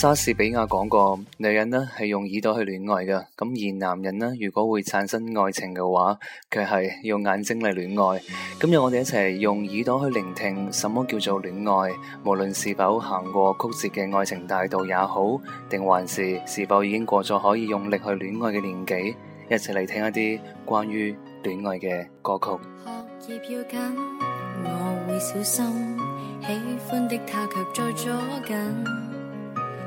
莎士比亞講過，女人呢係用耳朵去戀愛嘅，咁而男人呢，如果會產生愛情嘅話，佢係用眼睛嚟戀愛。今日我哋一齊用耳朵去聆聽，什麼叫做戀愛？無論是否行過曲折嘅愛情大道也好，定還是是否已經過咗可以用力去戀愛嘅年紀，一齊嚟聽一啲關於戀愛嘅歌曲。學業要緊，我會小心，喜歡的他卻在捉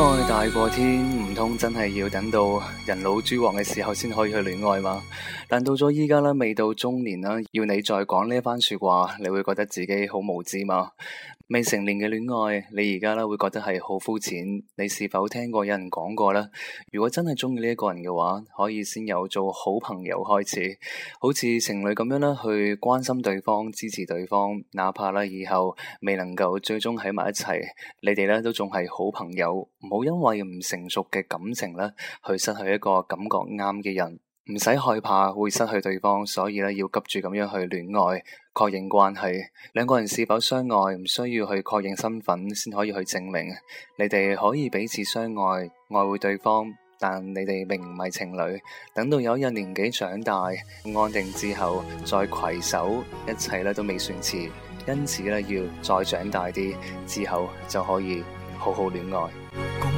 愛大過天，唔通真係要等到人老珠黃嘅時候先可以去戀愛嗎？但到咗依家啦，未到中年啦，要你再講呢番說話，你會覺得自己好無知嗎？未成年嘅戀愛，你而家啦會覺得係好膚淺。你是否聽過有人講過呢？如果真係鍾意呢一個人嘅話，可以先有做好朋友開始，好似情侶咁樣啦，去關心對方、支持對方，哪怕啦以後未能夠最終喺埋一齊，你哋咧都仲係好朋友。唔好因為唔成熟嘅感情咧，去失去一個感覺啱嘅人。唔使害怕會失去對方，所以咧要急住咁樣去戀愛確認關係，兩個人是否相愛，唔需要去確認身份先可以去證明你哋可以彼此相愛，愛護對方，但你哋並唔係情侶。等到有一日年紀長大安定之後，再携手，一切咧都未算遲。因此咧要再長大啲之後就可以好好戀愛。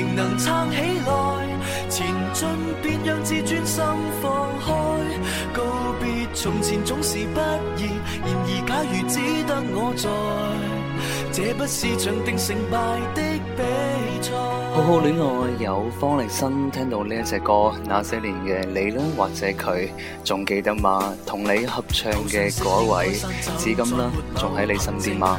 仍能撐起來前進別讓自尊心放開，告別從前總是不易。然而，假如只得我在這，不是注定勝敗的比賽。好好戀愛。有方力申聽到呢一隻歌《那些年》嘅你呢？或者佢仲記得嗎？同你合唱嘅嗰一位，至今啦仲喺你身邊嗎？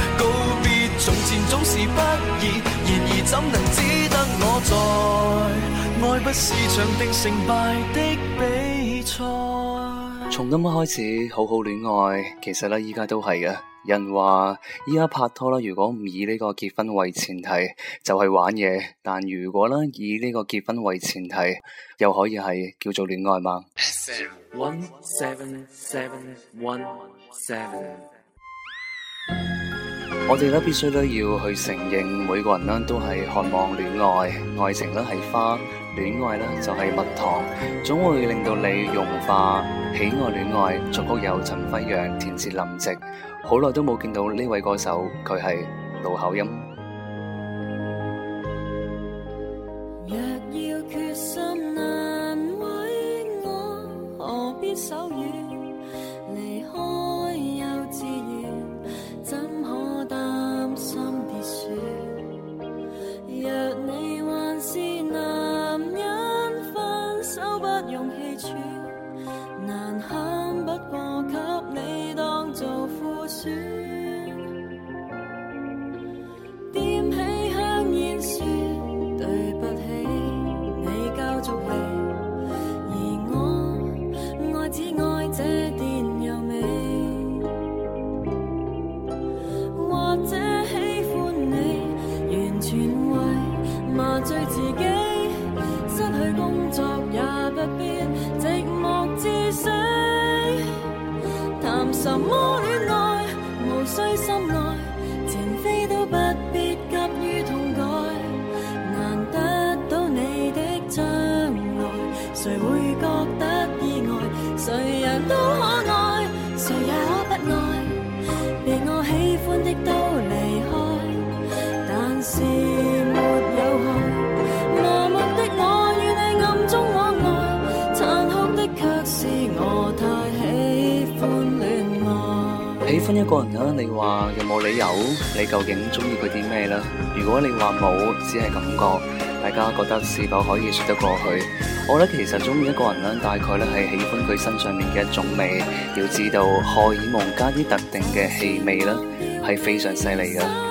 然而怎能知得我在？愛不是場定勝敗的比賽。從今日開始好好戀愛，其實呢，依家都係嘅。人話依家拍拖啦，如果唔以呢個結婚為前提，就係、是、玩嘢；但如果咧以呢個結婚為前提，又可以係叫做戀愛嗎？7, 1, 7, 7, 1, 7我哋咧必須咧要去承認，每個人咧都係渴望戀愛，愛情咧係花，戀愛咧就係蜜糖，總會令到你融化。喜愛戀愛，作曲有陳輝陽、填詞、林夕，好耐都冇見到呢位歌手，佢係盧巧音。喜歡一個人啦，你話有冇理由？你究竟中意佢啲咩呢？如果你話冇，只係感覺，大家覺得是否可以說得過去？我咧其實中意一個人呢，大概咧係喜歡佢身上面嘅一種味。要知道荷爾蒙加啲特定嘅氣味咧，係非常犀利嘅。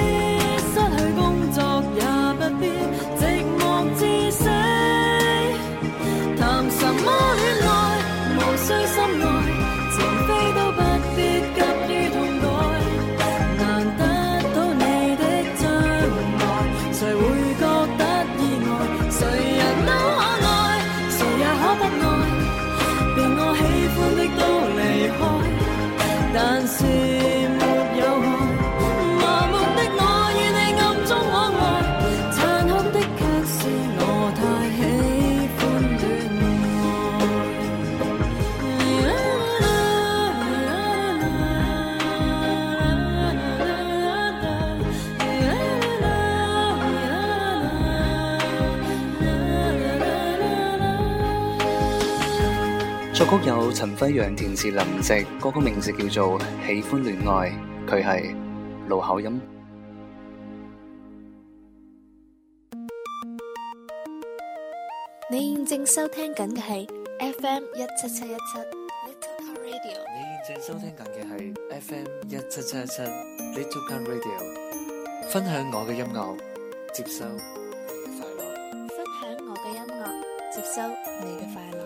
作曲有陳輝陽，填詞林夕，歌曲名字叫做《喜歡戀愛》，佢係盧巧音。你現正收聽緊嘅係 FM 一七七一七，Little Radio。你現正收聽緊嘅係 FM 一七七一七，Little Radio。分享我嘅音樂，接收你嘅快樂。分享我嘅音樂，接收你嘅快樂。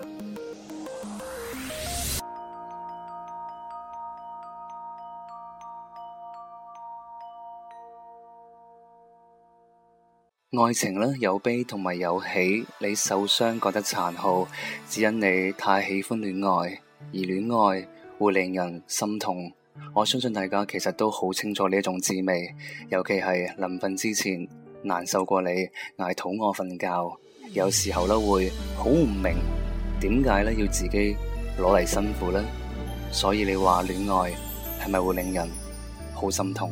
愛情咧，有悲同埋有喜。你受傷覺得殘酷，只因你太喜歡戀愛，而戀愛會令人心痛。我相信大家其實都好清楚呢一種滋味，尤其係臨瞓之前，難受過你捱肚餓瞓覺，有時候咧會好唔明點解咧要自己攞嚟辛苦咧，所以你話戀愛係咪會令人好心痛？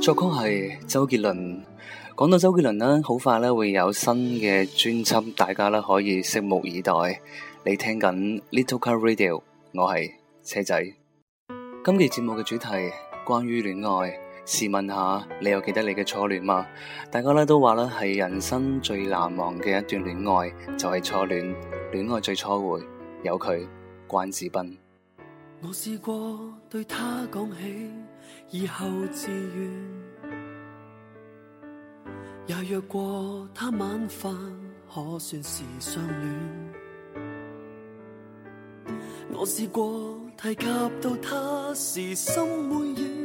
作曲係周杰倫。講到周杰倫呢，好快呢會有新嘅專輯，大家呢可以拭目以待。你聽緊 Little Car Radio，我係車仔。今期節目嘅主題關於戀愛。試問下，你有記得你嘅初戀嗎？大家咧都話啦，係人生最難忘嘅一段戀愛，就係、是、初戀。戀愛最初會有佢關智斌。我試過對他講起以後志願，也約過他晚飯，可算是相戀。我試過提及到他時心滿意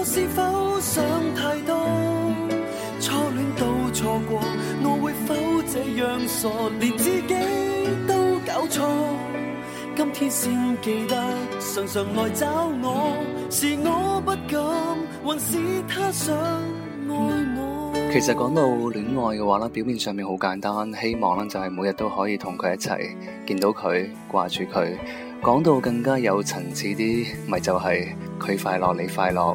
我是否想太多，初戀都錯過。我會否這樣傻，連自己都搞錯。今天先記得常常來找我，是我不敢還是他想愛我？其實講到戀愛嘅話咧，表面上面好簡單，希望啦就係每日都可以同佢一齊見到佢掛住佢，講到更加有層次啲咪就係、是、佢快樂你快樂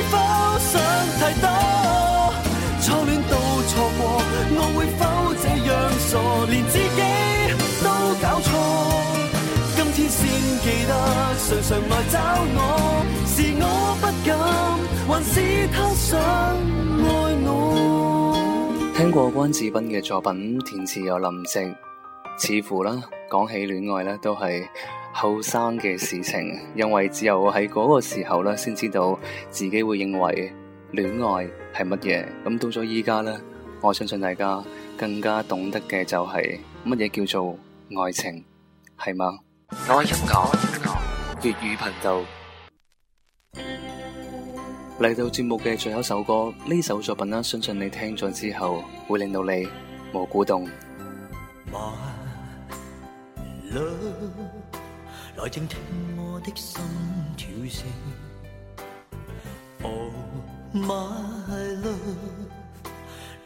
會否這樣傻，連自己都搞錯，今天先記得，常常埋找我？是我不敢還是他想愛我，聽過關智斌嘅作品，填詞又林夕，似乎啦，講起戀愛呢，都係後生嘅事情，因為只有喺嗰個時候呢，先知道自己會認為戀愛係乜嘢，咁到咗依家呢。我相信大家更加懂得嘅就係乜嘢叫做愛情，係嗎？愛音樂粵語頻道嚟到節目嘅最後一首歌，呢首作品啊，相信你聽咗之後會令到你冇古動。My love，來靜聽我的心跳聲。Oh my love。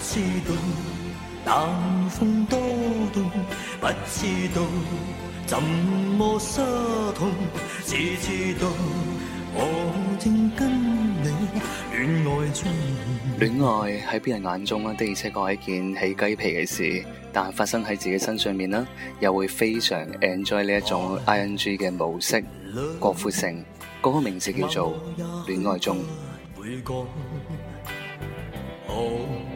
知道冷風都凍，不知道怎麼傷痛，只知道我正跟你戀愛中。戀愛喺邊人眼中啊，的而且確係一件起雞皮嘅事，但係發生喺自己身上面呢，又會非常 enjoy 呢一種 ing 嘅模式。郭富城嗰個名字叫做戀愛中愛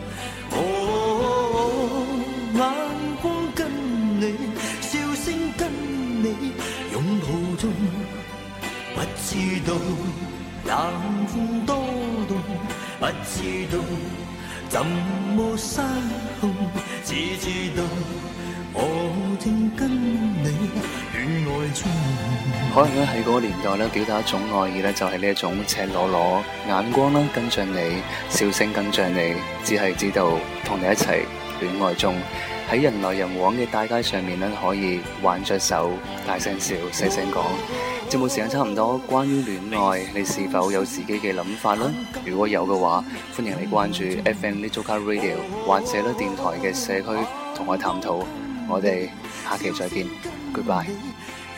可能咧喺嗰個年代咧，表達一種愛意咧，就係呢一種赤裸裸眼光啦，跟著你，笑聲跟著你，只係知道同你一齊戀愛中，喺人來人往嘅大街上面咧，可以挽著手，大聲笑，細聲講。節目時間差唔多，關於戀愛，你是否有自己嘅諗法咧？如果有嘅話，歡迎你關注 FM Little Car Radio，或者咧電台嘅社區同我探討。我哋下期再見，Goodbye。